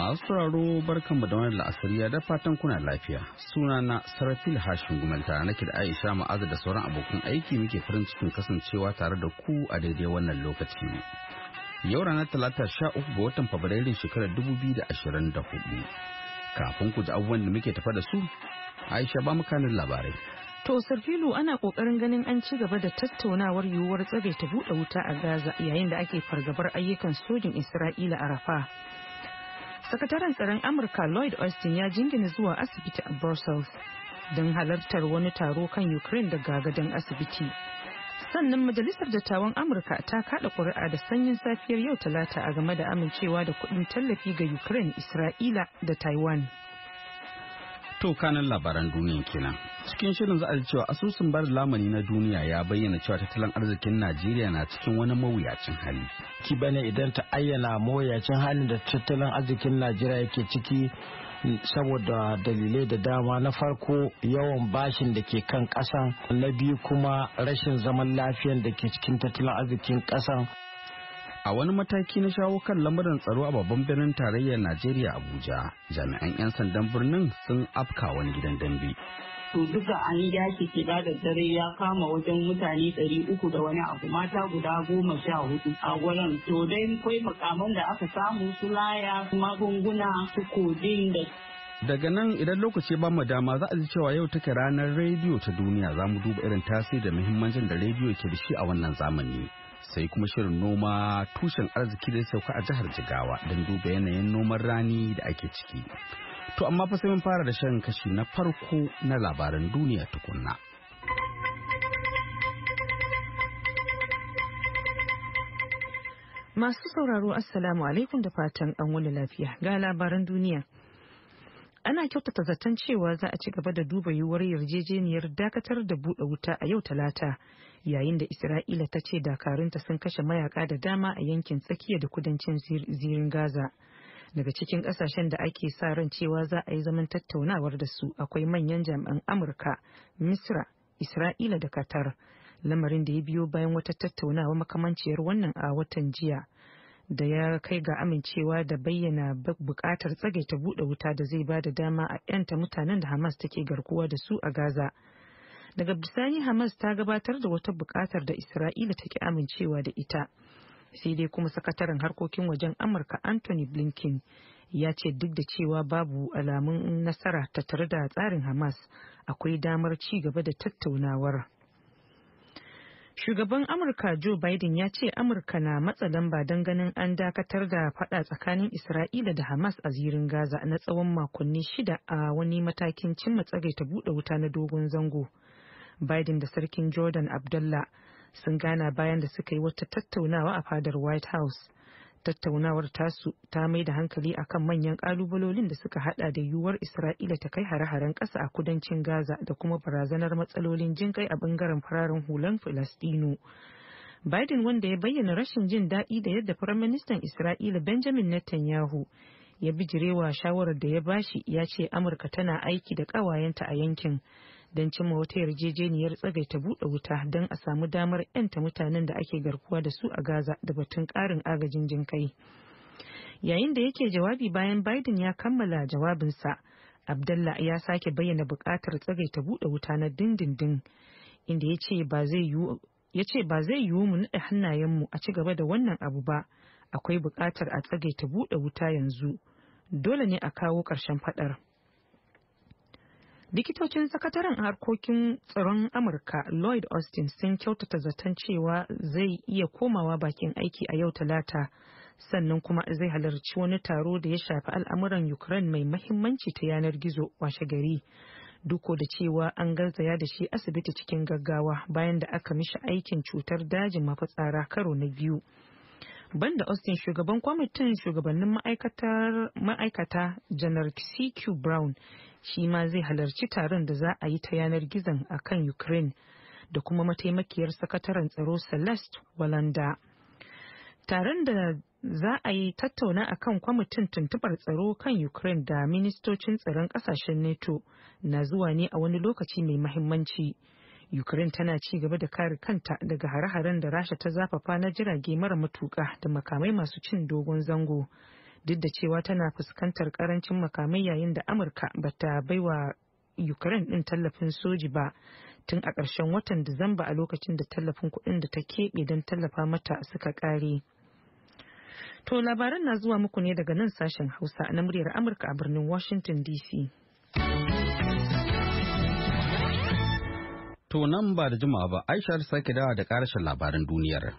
Masu sauraro mu da wani la'asariya da fatan kuna lafiya. suna na Sarafil Hashin gumanta nake da Aisha Ma'aza da sauran abokan aiki muke farin cikin kasancewa tare da ku a daidai wannan lokaci. Yau ranar talata sha uku ga watan Fabrairun shekarar dubu biyu da ashirin da hudu. Kafin ku ji abubuwan da muke tafa da su, Aisha ba mu kanin labarai. To Sarfilu ana kokarin ganin an ci gaba da tattaunawar yiwuwar tsare ta buɗe wuta a Gaza yayin da ake fargabar ayyukan sojin Isra'ila a Rafa. sakataren tsaron amurka lloyd austin ya jingina zuwa asibiti a brussels don halartar wani taro kan ukraine da gagadan asibiti sannan majalisar dattawan amurka ta kada kuri'a da sanyin safiyar yau talata a game da amincewa da kudin tallafi ga ukraine isra'ila da taiwan To kanan labaran duniyan kenan. Cikin shirin za a ji cewa asusun bar lamani na duniya ya bayyana cewa tattalin arzikin Najeriya na cikin wani mawuyacin hali. Ki bane idan ta ayyana mawuyacin halin da tattalin arzikin Najeriya yake ciki mm, saboda dalilai da dama na farko yawan bashin da ke kan kasan na biyu kuma rashin zaman lafiyan da ke cikin tattalin arzikin kasan. a wani mataki na shawo kan lamarin tsaro a babban birnin tarayyar najeriya abuja jami'an 'yan sandan birnin sun afka wani gidan dambe to duka an yaki shiga da dare ya kama wajen mutane ɗari uku da wani abu mata guda goma sha hudu a wurin to dai kai makaman da aka samu su laya magunguna su kodin da daga nan idan lokaci ba mu dama za a ji cewa yau take ranar rediyo ta duniya za mu duba irin tasiri da muhimmancin da rediyo ke da shi a wannan zamani sai kuma shirin noma tushen arziki da sauka a jihar jigawa don duba yanayin noman rani da ake ciki to amma fa sai mun fara da shan kashi na farko na labaran duniya tukunna masu sauraro assalamu alaikum da fatan an wani lafiya ga labaran duniya ana kyautata zaton cewa za a ci gaba da duba yiwuwar yarjejeniyar dakatar da buɗe wuta a yau talata yayin da isra'ila ta ce dakarunta sun kashe mayaka da dama a yankin tsakiya da kudancin zirin gaza daga cikin kasashen da ake sa ran cewa za a yi zaman tattaunawar da su akwai manyan jami'an amurka misra isra'ila da qatar lamarin da ya biyo bayan wata tattaunawa makamanciyar wannan a watan jiya da ya kai ga amincewa da bayyana bukatar tsagaita buɗe wuta da zai ba da dama a 'yanta mutanen da Hamas take garkuwa da su a Gaza. Daga bisani Hamas ta gabatar da wata bukatar da Isra'ila take amincewa da ita. Sai dai kuma sakataren harkokin wajen Amurka Anthony Blinken ya ce duk da cewa babu alamun nasara tattare da tsarin Hamas akwai damar ci gaba da tattaunawar. Shugaban Amurka Joe Biden ya ce Amurka na matsa lamba don ganin an dakatar da fada tsakanin Isra'ila da Hamas a zirin Gaza na tsawon makonni shida a wani matakin cimma ta buɗe wuta na dogon zango. Biden da Sarkin Jordan Abdullah sun gana bayan da suka yi wata tattaunawa a fadar White House. tattaunawar tasu ta mai da hankali akan manyan kalubalolin da suka hada da yiwuwar isra'ila ta kai hare-haren ƙasa a kudancin gaza da kuma barazanar matsalolin jinkai a bangaren fararen hulan filastino biden wanda ya bayyana rashin jin daɗi da yadda firaministan isra'ila benjamin netanyahu ya bijirewa shawarar da ya bashi ya ce amurka tana aiki da ƙawayenta a yankin don cimma wata yarjejeniyar tsagaita buɗe wuta don a samu damar 'yanta mutanen da ake garkuwa da su a Gaza da batun ƙarin agajin jinkai. Yayin da yake jawabi bayan Biden ya kammala jawabinsa, Abdullah ya sake bayyana buƙatar tsagaita buɗe wuta na dindindin, inda ya ce ba zai yiwu mu naɗa hannayenmu a ci gaba da wannan abu ba, akwai buƙatar a tsagaita buɗe wuta yanzu. Dole ne a kawo ƙarshen faɗar. likitocin sakataren harkokin tsaron amurka lloyd austin sun kyautata zaton cewa zai iya komawa bakin aiki a yau talata sannan kuma zai halarci wani taro da ya shafi al'amuran ukraine mai mahimmanci ta yanar gizo washe gari duko da cewa an garzaya da shi asibiti cikin gaggawa bayan da aka mishi aikin cutar dajin mafitsara karo na biyu banda austin shugaban kwamitin shugabannin ma'aikata janar cq brown shi ma zai halarci taron da za a yi ta yanar gizon a kan Ukraine da kuma mataimakiyar sakataren tsaro Celeste Walanda. Taron da za a yi tattauna a kan kwamitin tuntubar tsaro kan Ukraine da ministocin tsaron ƙasashen NATO na zuwa ne a wani lokaci mai mahimmanci. Ukraine tana ci gaba da kare kanta daga hare-haren da Rasha ta zafafa na jirage mara matuƙa da makamai masu cin dogon zango. duk da cewa tana fuskantar karancin makamai yayin da amurka ba bata baiwa ukraine din tallafin soji ba tun a ƙarshen watan disamba a lokacin da tallafin kuɗin da ta keɓe don tallafa mata suka kare. to labaran na zuwa muku ne daga nan sashen hausa na muryar amurka a birnin washington dc to nan ba da jimawa ba aisha sake dawa da ƙarshen labaran duniyar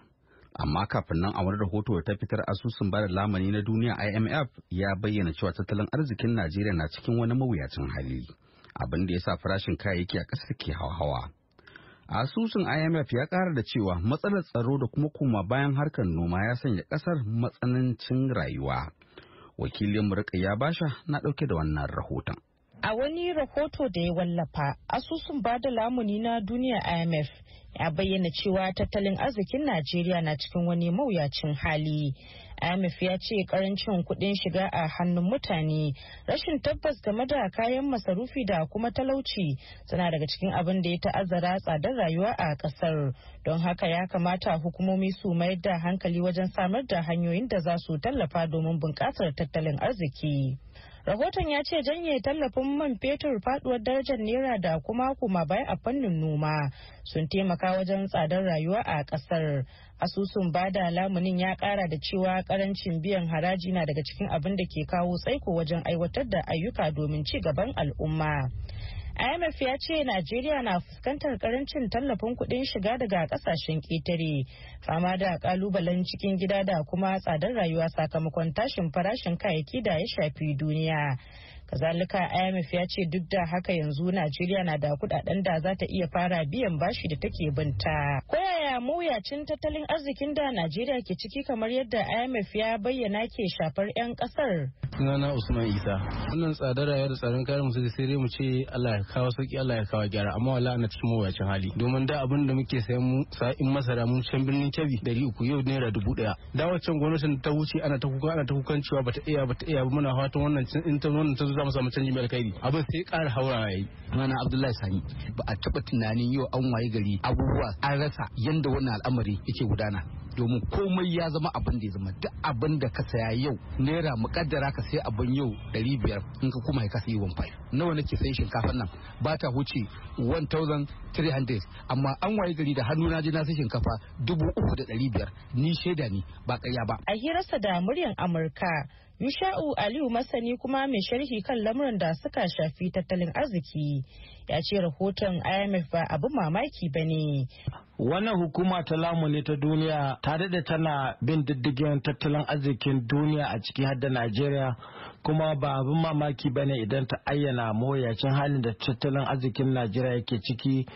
amma kafin nan a wani rahoto da ta fitar asusun bada lamani na duniya imf ya bayyana cewa tattalin arzikin najeriya na cikin wani mawuyacin hali abin da ya sa farashin kayayyaki a ƙasar ke hauhawa asusun imf ya ƙara da cewa matsalar tsaro da kuma koma bayan harkar noma ya sanya ƙasar matsanancin rayuwa wakilin murka ya basha na ɗauke da wannan rahoton A wani rahoto da ya wallafa, asusun ba da lamuni na duniya IMF ya bayyana cewa tattalin arzikin Najeriya na cikin wani mawuyacin hali. IMF ya ce karancin kuɗin shiga a hannun mutane, rashin tabbas game da kayan masarufi da kuma talauci suna daga cikin abin da ya ta'azzara tsadar rayuwa a kasar Don haka ya kamata hukumomi su mayar da hankali wajen samar da hanyoyin da za su tallafa domin bunƙasar tattalin arziki. Rahoton ya ce janye tallafin man fetur faduwar darajar naira da kuma kuma bai a fannin noma sun taimaka wajen tsadar rayuwa a kasar. Asusun bada lamunin ya kara da cewa karancin biyan haraji na daga cikin abin da ke kawo tsaiko wajen aiwatar da ayyuka domin ci gaban al'umma. IMF ya ce Najeriya na fuskantar karancin tallafin kudin shiga daga kasashen ƙetare, fama da kalubalen cikin gida da kuma tsadar rayuwa sakamakon tashin farashin kayayyaki da ya shafi duniya. kazalika imf ya ce duk da haka yanzu najeriya na da kudaden da za ta iya fara biyan bashi da take binta ko yaya mawuyacin tattalin arzikin da najeriya ke ciki kamar yadda imf ya bayyana ke shafar 'yan kasar sunana usman isa wannan tsadar rayuwa da tsarin kayan musu sai dai mu ce allah ya kawo sauki allah ya kawo gyara amma wala ana cikin mawuyacin hali domin da abin da muke sayan mu sa'in masara mun can birnin kebbi dari uku yau naira dubu daya da waccan gwamnatin ta wuce ana ta kuka ana ta kukan cewa bata iya bata iya muna fatan wannan in ta wannan ta za mu samu canji alkhairi abin sai ƙara ya yayi mana abdullahi sani ba a taɓa tunanin yau an waye gari abubuwa an rasa yanda wannan al'amari yake gudana domin komai ya zama abin da ya zama duk abin da ka saya yau naira mukaddara ka sai abin yau biyar in ka kuma ka yi 15 nawa nake sai shinkafa nan ba ta huce 1300 amma an waye gari da hannu na je na sai shinkafa biyar ni shaida ne ba ƙarya ba a hirarsa da muryar Amurka misha'u Aliyu masani kuma mai sharhi kan lamuran da suka shafi tattalin arziki ya ce rahoton IMF ba abin mamaki ba ne. Wannan hukuma ta lamuni ta duniya ta daɗe tana bin diddigin tattalin arzikin duniya a ciki har da Najeriya kuma ba abin mamaki ba ne idan ta ayyana mawuyacin halin da tattalin arzikin Najeriya yake ciki.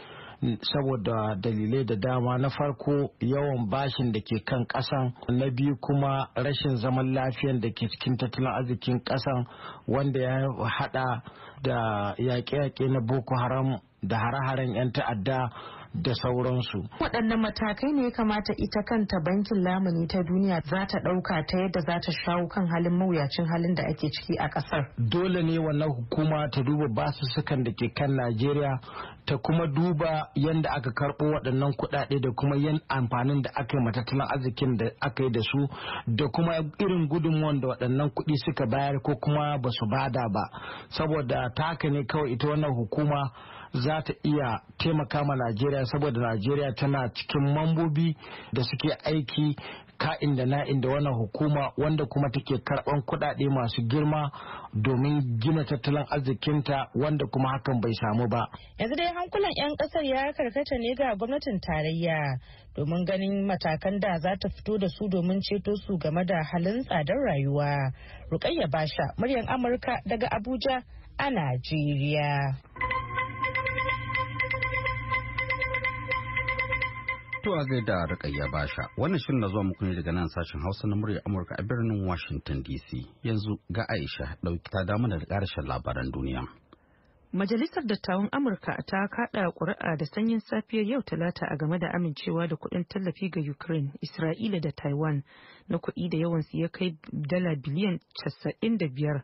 saboda dalilai da dama na farko yawan bashin da ke kan kasan na biyu kuma rashin zaman lafiyan da ke cikin tattalin arzikin kasan wanda ya hada da yaƙe-yaƙe na boko haram da hare-haren 'yan ta'adda da sauransu. Waɗannan matakai ne ya kamata ita kanta bankin lamuni ta duniya za ta ɗauka ta yadda za ta shawo kan halin mawuyacin halin da ake ciki a ƙasar. Dole ne wannan hukuma ta duba basussukan da ke kan Najeriya ta kuma duba yadda aka karɓo waɗannan kuɗaɗe da kuma yan amfanin da aka yi matattalin arzikin da aka yi da su da kuma irin gudunmuwan da waɗannan kuɗi suka bayar ko kuma ba su bada ba saboda ta ne kawai ita wannan hukuma za ta iya taimaka ma najeriya saboda najeriya tana cikin mambobi da suke aiki ka'in da na'in da wannan hukuma wanda kuma take karban kuɗaɗe masu girma domin gina tattalin arzikinta wanda kuma hakan bai samu ba. Yanzu dai hankulan 'yan ƙasar ya karkata ne ga gwamnatin tarayya domin ganin matakan da za ta fito da su domin ceto su game da halin tsadar rayuwa. Rukayya Basha, muryar Amurka daga Abuja a Najeriya. To a gaida Rukayya Basha, wannan shirin na zuwa muku ne daga nan sashen Hausa na murya Amurka a birnin Washington DC. Yanzu ga Aisha ɗauki ta damu da karshen labaran duniya. Majalisar Dattawan Amurka ta kaɗa ƙuri'a da sanyin safiyar yau Talata a game da amincewa da kuɗin tallafi ga Ukraine, Isra'ila da Taiwan na kuɗi da yawan su ya kai dala biliyan casa'in da biyar.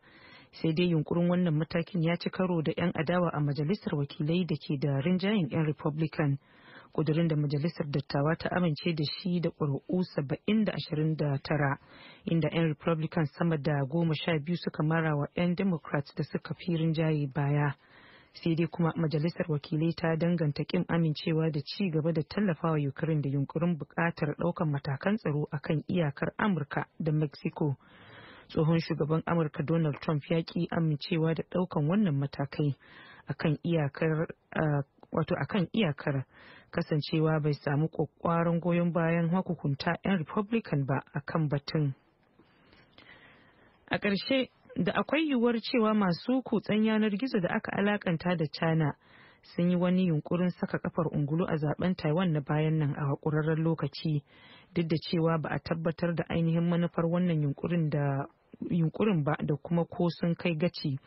sai dai yunkurin wannan matakin ya ci karo da 'yan adawa a majalisar wakilai da ke da rinjayen 'yan republican kudurin da majalisar dattawa ta amince da shi da ƙuri'u 729 inda 'yan republican sama da goma sha biyu suka mara wa 'yan democrats da suka fi rinjaye baya sai dai kuma majalisar wakilai ta danganta kin amincewa da ci gaba da tallafawa ukraine da yunkurin bukatar ɗaukar matakan tsaro akan iyakar amurka da mexico tsohon shugaban amurka donald trump ya ki amincewa da ɗaukan wannan matakai akan iyakar wato akan iyakar kasancewa bai samu kwakwaron goyon bayan hukunta 'yan republican ba a kan batun a ƙarshe da akwai yiwuwar cewa masu kutsen yanar gizo da aka alakanta da china sun yi wani yunkurin saka kafar ungulu a zaben taiwan na bayan nan a hakurarren lokaci duk da cewa ba a tabbatar da ainihin manufar wannan yunkurin ba da kuma ko sun kai gaci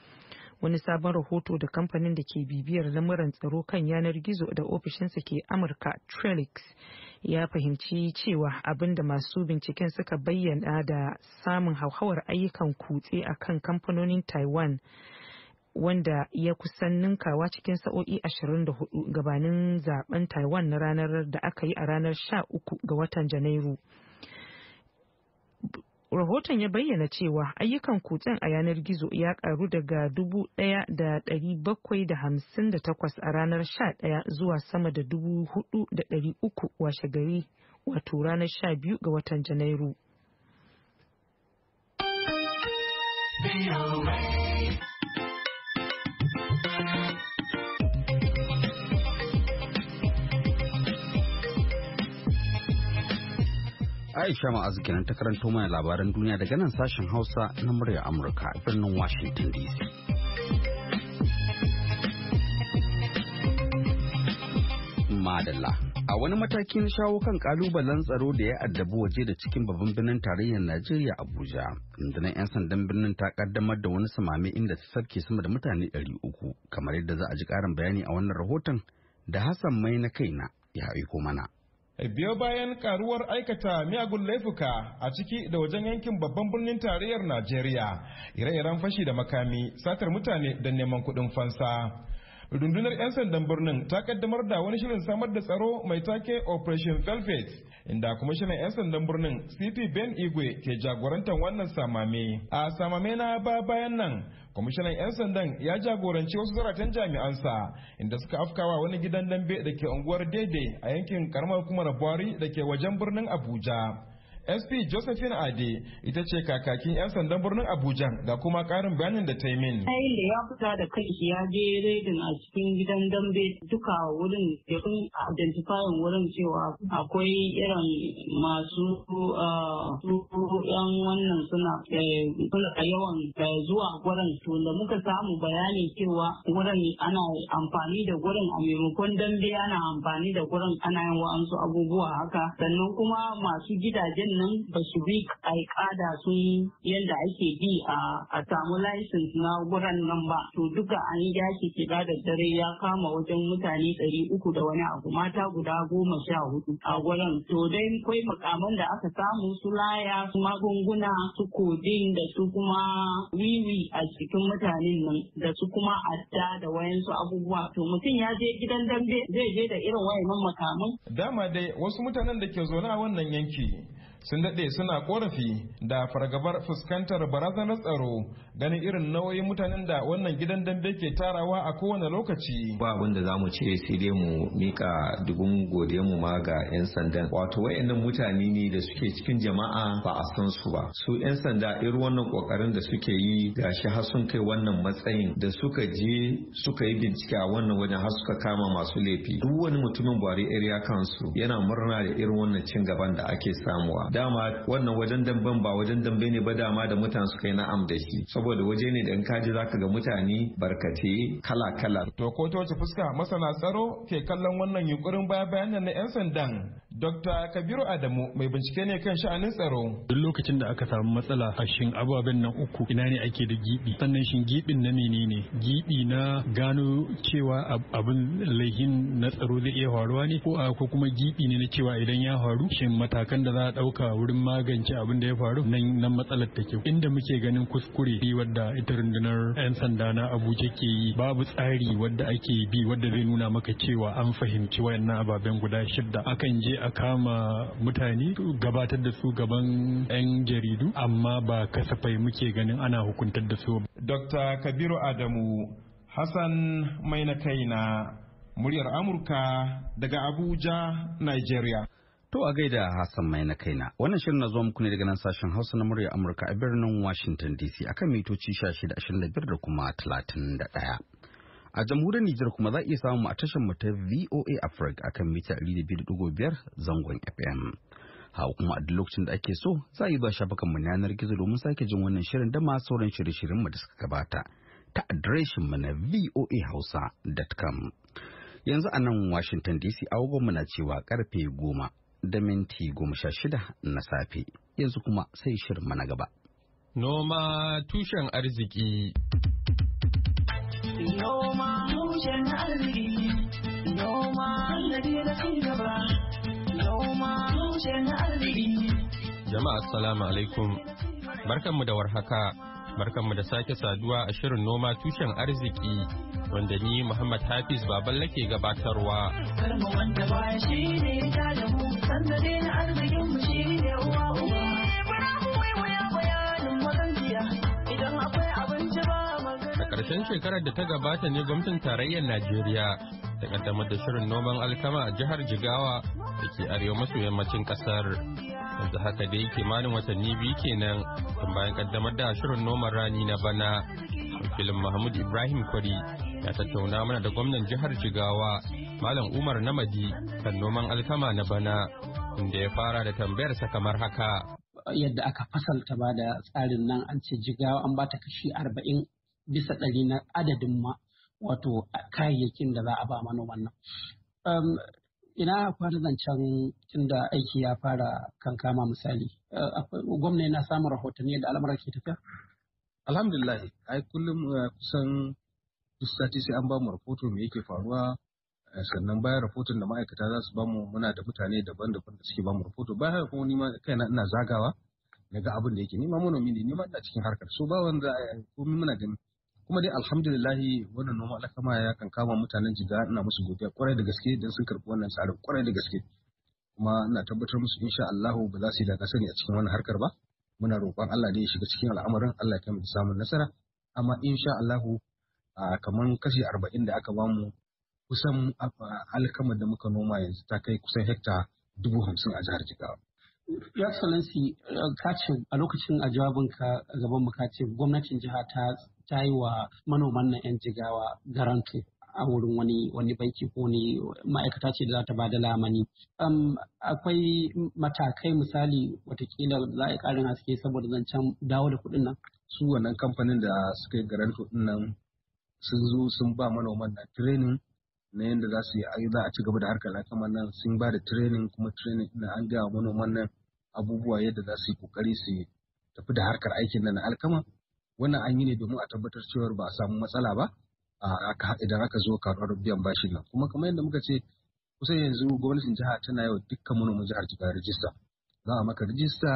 wani sabon rahoto da kamfanin da ke bibiyar lamuran tsaro kan yanar gizo da ofishinsa ke amurka trelix ya fahimci cewa abin da masu binciken suka bayyana da samun hauhawar ayyukan kutse a kan kamfanonin taiwan wanda ya kusan ninkawa cikin sa'o'i 24 gabanin zaben taiwan na ranar da aka yi a ranar 13 ga watan janairu rahoton ya bayyana cewa ayyukan kutsen a yanar gizo ya karu daga 1,758 a ranar 11 zuwa sama da 4,300 washe gari wato ranar 12 ga watan janairu. Aisha Ma'azu kenan ta karanto mana labaran duniya daga nan sashen Hausa na murya Amurka birnin Washington DC. Madalla. A wani matakin shawo kan kalubalen tsaro da ya addabi waje da cikin babban birnin tarayyar Najeriya Abuja, rundunar 'yan sandan birnin ta kaddamar da wani samami inda ta sarke sama da mutane 300, kamar yadda za a ji karin bayani a wannan rahoton da Hassan mai na kaina ya aiko mana. Eh, biyo bayan karuwar aikata miyagun laifuka a ciki da wajen yankin babban birnin tarayyar najeriya ire-iren fashi da makami satar mutane da neman kuɗin fansa rundunar 'yan sandan birnin ta kaddamar da wani shirin samar da tsaro mai take operation velvet inda kwamishinan 'yan sandan birnin cp ben igwe ke jagorantar wannan samame a samame na ba bayan nan kwamishinan 'yan sandan ya jagoranci wasu zaratan jami'ansa inda suka afkawa wani gidan dambe da ke unguwar daidai a yankin karamar hukumar buhari da ke wajen birnin abuja sp josephine ade ita ce kakakin 'yan sandan birnin abuja da kuma karin bayanin da ta yi min aile ya fita da kai ya je redin a cikin gidan dambe duka wurin da kun identifying wurin cewa akwai irin masu yan ah, wannan suna eh, yawan eh, zuwa wurin to da muka samu bayani cewa wurin ana amfani da wurin a maimakon dambe ana amfani da wurin ana yin wa'ansu abubuwa haka sannan kuma masu gidajen nan ba su bi al'ada sun yadda ake bi a samu license na wurin nan ba to duka an yi yaki shiga da dare ya kama wajen mutane ɗari uku da wani abu mata guda goma sha hudu a wurin to dai kwai makaman da aka samu su laya su magunguna su kodin da su kuma wiwi a cikin mutanen nan da su kuma adda da wayansu abubuwa to mutum ya je gidan dambe zai je da irin wayannan makaman dama dai wasu mutanen da ke zaune a wannan yanki sun daɗe suna ƙorafi da fargabar fuskantar barazanar tsaro ganin irin nauyin mutanen da wannan gidan dambe ke tarawa a kowane lokaci ba abin da zamu ce sai dai mu mika dubun gode mu ma ga yan sandan wato wayannan mutane ne da suke cikin jama'a ba a san su ba su yan sanda irin wannan kokarin da suke yi ga shi har sun kai wannan matsayin da suka je suka yi bincike a wannan wajen har suka kama masu laifi duk wani mutumin Buhari area kansu yana murna da irin wannan cin gaban da ake samuwa dama wannan wajen damben ba wajen dambe ne ba dama da mutane su kai na'am da shi saboda waje ne da in kaji zaka ga mutane barkate kala kala to ko ta wace fuska masana tsaro ke kallon wannan yunkurin baya bayan na yan sandan Dr. Kabiru Adamu mai bincike ne kan sha'anin tsaro. Duk lokacin da aka samu matsala a shin ababen nan uku ina ne ake da gibi sannan shin gibin na menene gibi na gano cewa abin laihin na tsaro zai iya faruwa ne ko a ko kuma gibi ne na cewa idan ya faru shin matakan da za a ɗauka ɗauka wurin magance abin da ya faru nan nan matsalar take inda muke ganin kuskure Bi wadda ita rundunar 'yan sanda na Abuja ke yi babu tsari wadda ake bi wadda zai nuna maka cewa an fahimci wayannan ababen guda shidda akan je a kama mutane gabatar da su gaban 'yan jaridu amma ba kasafai muke ganin ana hukuntar da su. Dr. Kabiru Adamu Hassan kai na muryar Amurka daga Abuja, Nigeria. To a gaida Hassan mai na kaina. Wannan shirin na zo muku ne daga nan sashen Hausa na murya Amurka a birnin Washington DC akan mitoci 1625 da kuma 31. A jamhuriyar Nijar kuma za a iya samu a tashar mu ta VOA Africa akan mita 200.5 zangon FM. Hawa kuma a duk lokacin da ake so za a yi ba shafukan mu yanar gizo domin sake jin wannan shirin da masu sauran shirye-shiryen mu da suka gabata ta adireshin mu na voahausa.com. Yanzu a nan Washington DC a mu na cewa karfe goma da minti goma sha shida na safe yanzu kuma sai shirin na gaba. Noma tushen arziki. Noma tushen arziki. Noma da gaba. Noma tushen arziki. Jama'a assalamu alaikum. Barkanmu da warhaka. barkanmu da sake saduwa a shirin noma tushen arziki wanda ni Muhammad Hafiz baban ke gabatarwa. A ƙarshen shekarar da ta gabata ne gwamnatin tarayyar Najeriya ta kaddamar da shirin noman alkama a jihar Jigawa da ke arewa maso yammacin ƙasar. yanzu haka yake malin watanni biyu kenan tun bayan kaddamar da shirin noman rani na bana filin mahmud ibrahim kwari ya tattauna mana da gwamnan jihar jigawa malam umar namadi kan noman alkama na bana inda ya fara da tambayarsa kamar haka yadda aka fasalta ba da tsarin nan an ce jigawa an bata kashi arba'in bisa ɗari na adadin ma wato kayayyakin da za a ba manoman nan um, ina kwana zancen inda aiki ya fara kankama misali eh, gwamnati na samun rahotanni da al'amuran ke tafiya alhamdulillah ai kullum eh, kusan duk sati sai an bamu rahoto me yake faruwa eh, sannan bayan rahoton da ma'aikata za su bamu muna da mutane daban-daban da suke bamu rahoto bayan haka ni ma kaina ina zagawa na ga abin da yake ma manomi ne ma ina cikin harkar so ba wanda komai muna ganin kuma dai alhamdulillah wannan noma alkama ya kan kama mutanen jiga ina musu godiya kwarai da gaske don sun karɓi wannan tsarin kwarai da gaske kuma ina tabbatar musu insha Allahu ba za su yi da sani a cikin wannan harkar ba muna roƙon Allah da ya shiga cikin al'amarin Allah ya mu samun nasara amma insha Allahu a kaman kashi arba'in da aka bamu kusan alkama da muka noma yanzu ta kai kusan hekta dubu hamsin a jihar Jigawa. Your Excellency, uh, ka ce a lokacin a jawabinka gaban mu gwamnatin jiha ta ta yi wa manoman nan 'yan jigawa garantu a wurin wani wani banki ko ne ma'aikata ce da za ta ba da lamani. akwai matakai misali watakila za a ƙarin haske saboda zancen dawo da kuɗin nan. Su wannan kamfanin da suka yi garantu kuɗin nan sun zo sun ba manoman na training na yadda za su yi za a ci gaba da harkar kamar nan sun ba da training kuma training na an gaya manoman nan abubuwa yadda za su yi kokari su tafi da harkar aikin nan na alkama wannan an yi ne domin a tabbatar cewa ba a samu matsala ba idan aka zo karɓar biyan bashin nan kuma kamar yadda muka ce kusan yanzu gwamnatin jiha tana yau dukkan manoma jihar jiga rijista za a maka rijista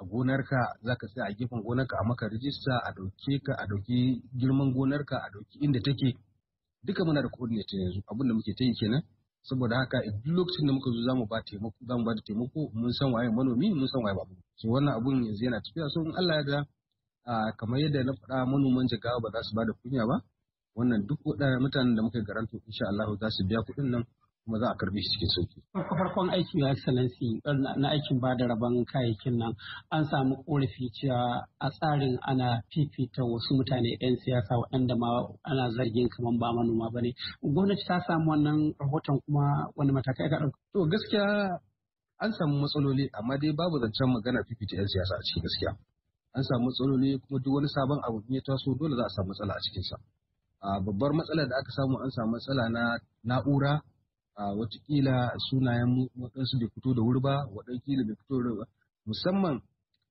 a gonarka za ka tsaya a gefen gonarka a maka rijista a ɗauke ka a ɗauki girman gonarka a ɗauki inda take duka muna da coordinator yanzu abin da muke ta yi kenan saboda haka duk lokacin da muka zo zamu ba taimako ba da taimako mun san waye manomi mun san waye babu so wannan abun yanzu yana tafiya so in Allah ya ga kamar yadda na faɗa manoman jigawa ba za su ba da kunya ba wannan duk mutanen da muka yi garanto insha Allah za su biya kuɗin nan kuma za a karbi shi cikin sauki. Farko farkon aiki ya excellency na aikin ba da rabon kayayyakin nan an samu ƙorafi cewa a tsarin ana fifita wasu mutane 'yan siyasa waɗanda ma ana zargin kamar ba manoma ba ne. Gwamnati ta samu wannan rahoton kuma wani matakai ka ɗauka. To gaskiya an samu matsaloli amma dai babu zancen magana fifita 'yan siyasa a cikin gaskiya. an samu matsaloli kuma duk wani sabon abu in ya taso dole za a samu matsala a sa a babbar matsalar da aka samu an samu matsala na na'ura a watakila sunayen waɗansu bai fito da wuri ba waɗankila bai fito da ba musamman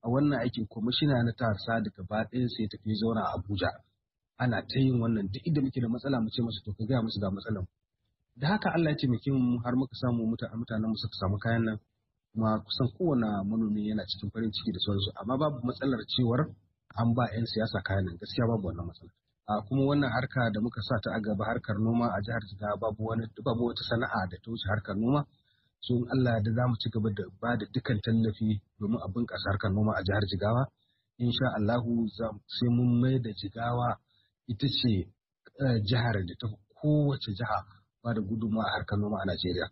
a wannan aikin kwamishina na tarsa da gaba ɗaya sai tafi zauna a abuja ana ta yin wannan duk inda muke da matsala mu ce masa to ka gaya musu ga matsalan da haka Allah ya taimake mu har muka samu mutanen mu suka samu kayan nan kuma kusan kowane manomi yana cikin farin ciki da sauransu amma babu matsalar cewar an ba 'yan siyasa kayan nan gaskiya babu wannan matsalar a kuma wannan harka da muka sa ta a gaba harkar noma a jihar ta babu wani babu wata sana'a da ta wuce harkar noma so in Allah da zamu mu ci gaba da ba da dukkan tallafi domin a bunƙasa harkar noma a jihar Jigawa insha Allahu sai mun mai da Jigawa ita ce eh, jihar da ta kowace jiha ba da gudunmawa a harkar noma a Najeriya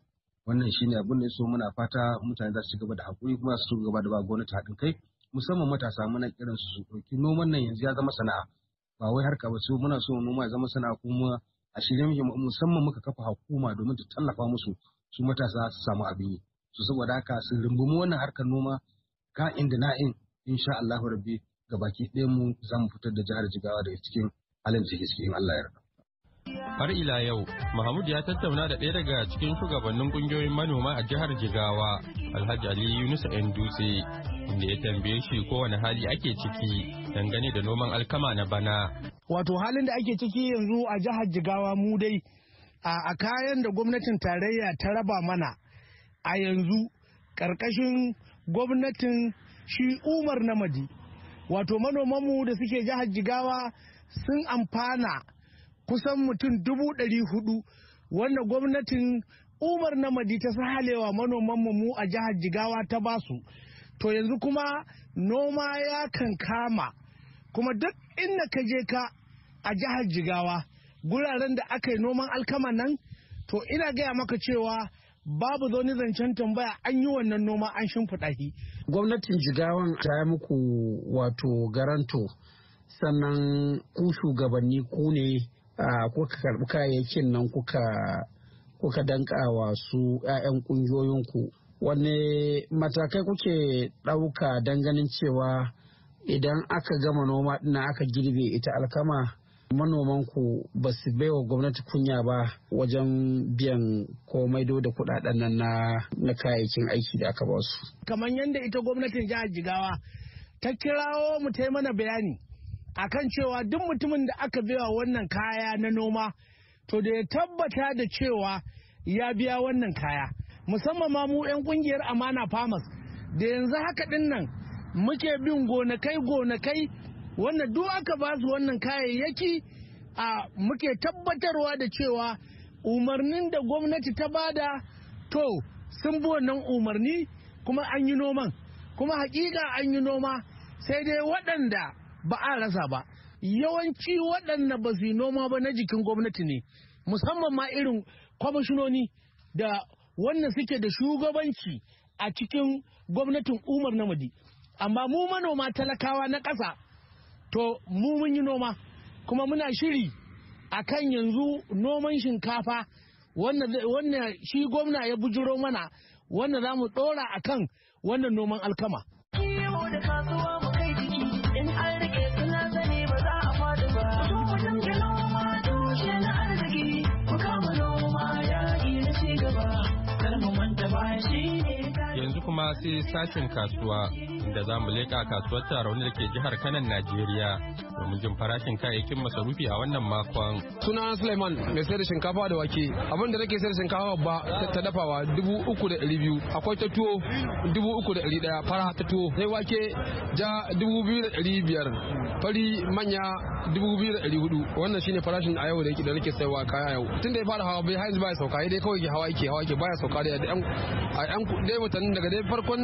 wannan shine abin da so muna fata mutane za su gaba da hakuri kuma su gaba da ba gwamnati haɗin kai musamman matasa muna kiran su su ɗauki noman nan yanzu ya zama sana'a ba wai harka ba su muna so noma ya zama sana'a kuma a shirye muke musamman muka kafa hukuma domin ta tallafa musu su matasa su samu abin yi su saboda haka su rumbumi wannan harkar noma ka inda in insha Allahu rabbi gabaki ɗayan mu za mu fitar da jihar Jigawa daga cikin halin cikin Allah ya yarda Har ila yau, Mahmud ya tattauna da ɗaya daga cikin shugabannin ƙungiyoyin manoma a jihar Jigawa, Alhaji Ali Yunusa ‘yan dutse, inda ya tambaye shi kowane hali ake ciki dangane da noman alkama na bana. Wato halin da ake ciki yanzu a jihar Jigawa mu dai, a kayan da gwamnatin tarayya ta raba mana a yanzu ƙarƙashin gwamnatin shi Umar Namadi. Wato manomanmu da suke jihar Jigawa sun amfana. kusan mutum dubu ɗari hudu wanda gwamnatin umar namadi ta sahalewa manoman mu a jihar jigawa ta basu to yanzu kuma noma ya kan kama kuma duk inda ka je ka a jihar jigawa guraren da aka yi noman alkama nan to ina gaya maka cewa babu ni zancen tambaya an yi wannan noma an shimfiɗa shi. Gwamnatin Jigawan ta yi muku wato garanto sannan ku shugabanni ku ne kuka karbi kayayyakin nan kuka kuka danka wa su 'ya'yan ku. wanne matakai kuke ɗauka don ganin cewa idan aka gama noma ɗina aka girbe ita alkama manomanku ba su baiwa gwamnati kunya ba wajen biyan komai maido da kuɗaɗen nan na kayayyakin aiki da aka ba su. kamar yadda ita gwamnatin jihar jigawa ta kirawo mu ta mana bayani akan cewa duk mutumin da aka biya wannan kaya na noma to da ya tabbata da cewa ya biya wannan kaya musamman ma mu 'yan kungiyar amana farmers da yanzu haka din nan muke bin gonakai gonakai wannan duk aka ba su wannan kayayyaki a muke tabbatarwa da cewa umarnin da gwamnati ta bada to sun bi wannan umarni kuma an yi noman kuma hakika an yi noma sai dai waɗanda ba a rasa ba yawanci waɗanda ba su yi noma ba na jikin gwamnati ne musamman ma irin kwamishinoni da wannan suke da shugabanci a cikin gwamnatin umar namadi amma mu manoma talakawa na ƙasa to mu mun yi noma kuma muna shiri a kan yanzu noman shinkafa wannan shi gwamna ya bujiro mana wanda za mu ɗora a kan wannan noman alkama. sai sashen kasuwa inda za mu leƙa kasuwar tarauni da ke jihar kanan Najeriya domin jin farashin kayayyakin masarufi a wannan makon. Suna Suleiman mai sayar da shinkafa da wake. Abin da nake sayar da shinkafa ba ta dafawa dubu uku da ɗari biyu. Akwai ta tuwo dubu uku da ɗari ɗaya fara ta tuwo. Sai wake ja dubu biyu da ɗari biyar. Fari manya dubu biyu da ɗari hudu. Wannan shine farashin a yau da yake da nake sayarwa kaya yau. Tun da ya fara hawa bai har baya sauka. Dai kawai hawa yake hawa yake baya sauka da yan dai mutanen daga dai farkon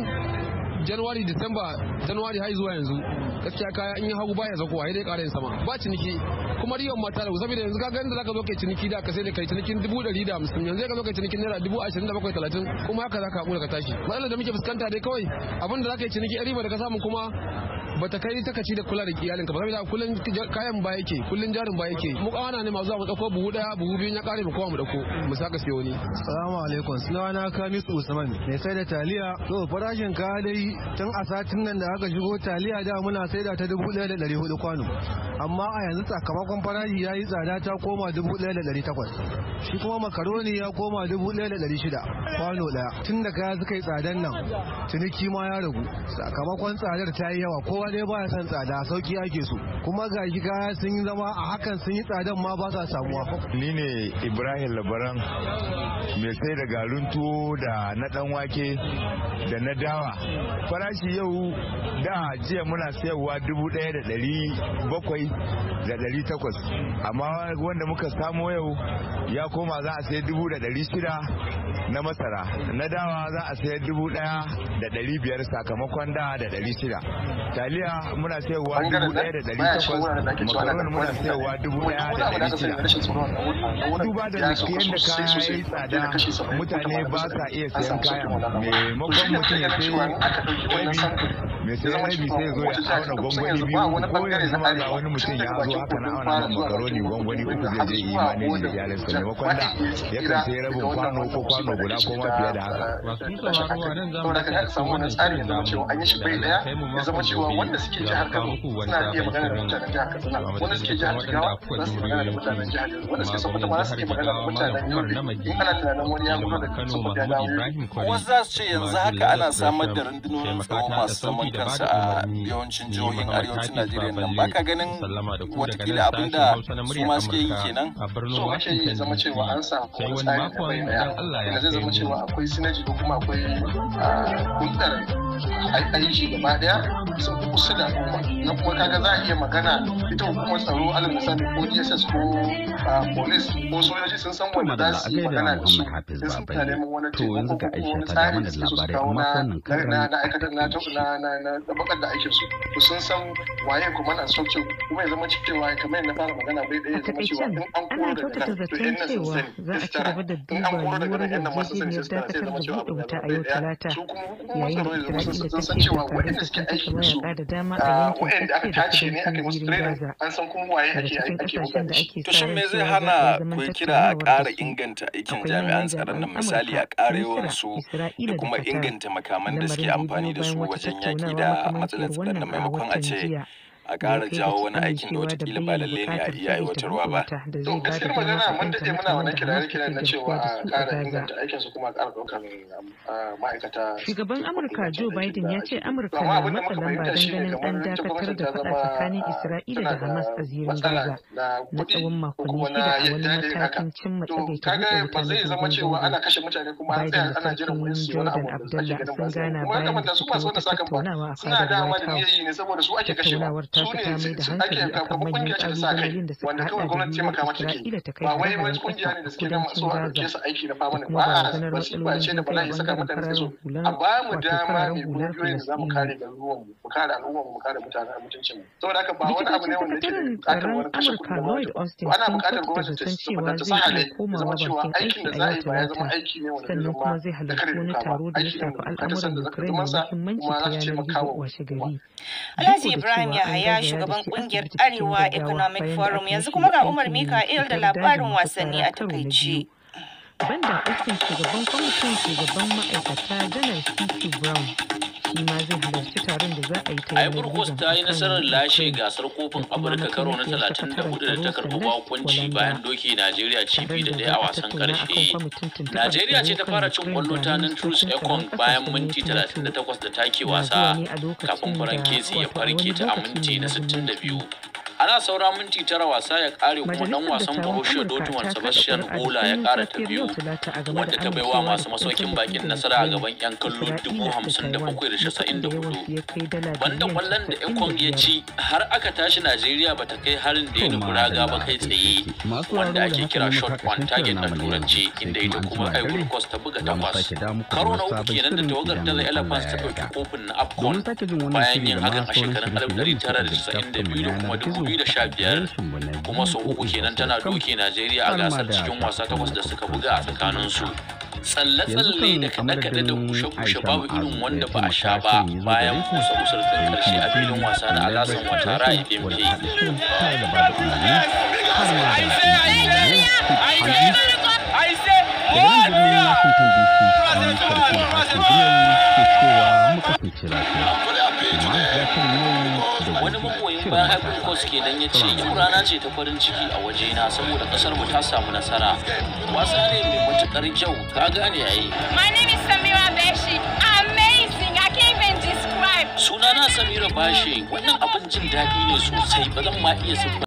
januwari disamba januwari har zuwa yanzu gaskiya kaya in yi hagu baya zakowa ya dai ƙara yin sama ba ciniki kuma riyon mata da saboda yanzu ka ganin da zaka zo kai ciniki da ka sai da kai cinikin dubu ɗari da hamsin yanzu ka zo kai cinikin naira dubu ashirin da bakwai talatin kuma haka zaka haƙura ka tashi matsalar da muke fuskanta dai kawai abin da zaka yi ciniki riba da ka samu kuma bata kai takaci da kula da iyalinka ba saboda kullun kayan ba yake kullun jarin ba yake mu kawana ne ma zuwa mu dauko buhu daya buhu biyu ya kare mu kowa mu dauko mu saka siyo assalamu alaikum sunana Kamis Usman ne sai da taliya to farashin ka dai tun a satin nan da aka shigo taliya da muna saida ta dubu ɗaya da ɗari hudu kwano amma a yanzu sakamakon farashi ya yi tsada ta koma dubu ɗaya da ɗari takwas shi kuma makaroni ya koma dubu ɗaya da ɗari shida kwano ɗaya tun da kaya suka yi tsadan nan ciniki ma ya ragu sakamakon tsadar ta yi yawa kowa dai baya son tsada sauki ake so kuma ga shi kaya sun yi zama a hakan sun yi tsadan ma ba sa samuwa. ni ne ibrahim labaran mai sai da garin tuwo da na ɗan wake da na dawa farashi yau da jiya muna sayarwa dubu ɗaya da ɗari bakwai da ɗari takwas amma wanda muka samo yau ya koma za a sayi dubu da ɗari shida na masara na dawa za a sayi dubu ɗaya da ɗari biyar sakamakon da da ɗari shida taliya muna sayarwa dubu ɗaya da ɗari takwas makarar muna sayarwa dubu ɗaya da ɗari shida duba da nufiyan da kayan yi tsada mutane ba sa iya sayan kayan maimakon mutum ya sayar 对。me sai rabi sai zo ya auna gwangwani biyu ko yanzu ma ga wani mutum ya zo haka na auna ma makaroni gwangwani uku zai je yi maneji da iyalinsa maimakon da yakan sai rabin kwano ko kwano guda ko ma fiye da haka. saboda ka haɗa samu wani tsari zama cewa an yi shi bai daya ya zama cewa wanda suke jihar Kano suna iya magana da mutanen jihar Katsina wanda suke jihar Jigawa za su magana da mutanen jihar wanda suke Sokoto ma za magana da mutanen Yobe in kana tunanin wani ya gudu da Sokoto ya dawo wasu za su ce yanzu haka ana samar da rundunonin tsaro masu zaman sa a yawancin jihohin arewacin najeriya nan ba ka ganin watakila abinda su ma suke yi kenan so haka ya zama cewa an samu wani tsari da bai daya da zai zama cewa akwai sinaji ko kuma akwai ah, hulɗar a yi shi gaba daya sun fi kusa da al'umma na kuma kaga za a iya magana ita hukumar tsaro alal misali ko dss ko ah, police ko sojoji sun san wanda za su yi magana da su sun san ta neman wani taimako ko wani tsari su su kawo na na aikatar na na na na tabbatar da aikin su to sun san waye kuma na son structure kuma ya zama cewa kamar yadda fara magana bai da ya zama cewa in an koro daga nan to yan nan sun sani in an koro daga nan yan nan ma sun sani sai zama cewa abu da bai daya su kuma hukumar tsaro ya zama sun da san cewa waɗanda suke aiki da su ah, waɗanda aka ne an san kuma waye ake to me zai hana ku kira a ƙara inganta aikin jami'an tsaron nan misali a ƙara yawan su da kuma inganta makaman da suke amfani da su wajen yaƙi da matsalar tsaron nan maimakon a ce a ƙara jawo wani aikin da watakila ba lalle ne a iya aiwatarwa ba. To gaskiyar magana mun daɗe muna wani kiraye-kiraye na cewa a ƙara inganta aikin su kuma a ƙara ɗaukar um, ma'aikata. Shugaban Amurka Joe Biden ya ce Amurka na matsa lamba dangane ganin an dakatar da faɗa tsakanin Isra'ila da Hamas a zirin Gaza na tsawon makonni shida a wani matakin cimma tsagaita da wuta na dogon Biden da sarkin Jordan Abdullah sun gana bayan da suka tattaunawa a fadar White House. Tattaunawar ta su ta mai da hankali akan manyan ƙalubalen da suka haɗa da yiwuwar Isra'ila ta kai har harin ƙasa a kudancin Gaza da kuma barazanar matsalolin da kai wanda farar hula wato fararen hular Falasɗinawa. Sakataren tsaron Amurka Lloyd Austin sun tabbata da san cewa zai iya komawa bakin aiki a yau Talata sannan kuma zai halarci wani taro da ya shafi al'amuran Ukraine mai muhimmanci ta yanar gizo washe gari. Alhaji Ibrahim Yahaya ya shugaban kungiyar Arewa Economic Forum yanzu kuma ga Umar Mika'il da labarin wasanni a takaici Banda ofin shugaban kwamitin shugaban ma'aikata Janar Steve Brown shi ma a yi ta ta yi nasarar lashe gasar kofin amurka karo na 34 da ta karɓi bakunci bayan doki najeriya cibi da ɗaya a wasan ƙarshe najeriya ce ta fara cin kwallo ta nan truce econ bayan minti 38 da take wasa kafin faran kesi ya farke ta a minti na 62 ana saura minti tara wasa ya kare kuma dan wasan Borussia Dortmund Sebastian Ola ya kara ta biyu wadda ta baiwa masu masaukin bakin nasara a gaban yan kallo dubu hamsin da bakwai da casa'in da hudu banda kwallon da Ekong ya ci har aka tashi Najeriya ba ta kai harin da ya nufi raga ba kai tsaye wanda ake kira shot one target a turanci inda ita kuma kai gulkos ta buga takwas karo na uku kenan da tawagar ta Elephants ta ɗauki kofin na AFCON bayan yin hakan a shekarun alif ɗari tara da casa'in da biyu da kuma dubu da 2015 kuma sau uku kenan tana doke Najeriya a gasar cikin wasa takwas da suka buga a tsakaninsu. Tsalle-tsalle da kaɗe-kaɗe da kushe-kushe babu irin wanda ba a sha ba bayan kusa kusa da karshe a filin wasa da alasan wata ra'ayi bimbi. Idan wani karfin bayan haifin kos kenan ya ce yau rana ce ta farin ciki a wajena saboda kasar mu ta samu nasara wasa ne mai matukar kyau ka gane yayi my name is samira beshi amazing i can't even describe sunana samira bashi wannan abin jin daɗi ne sosai ba zan ma iya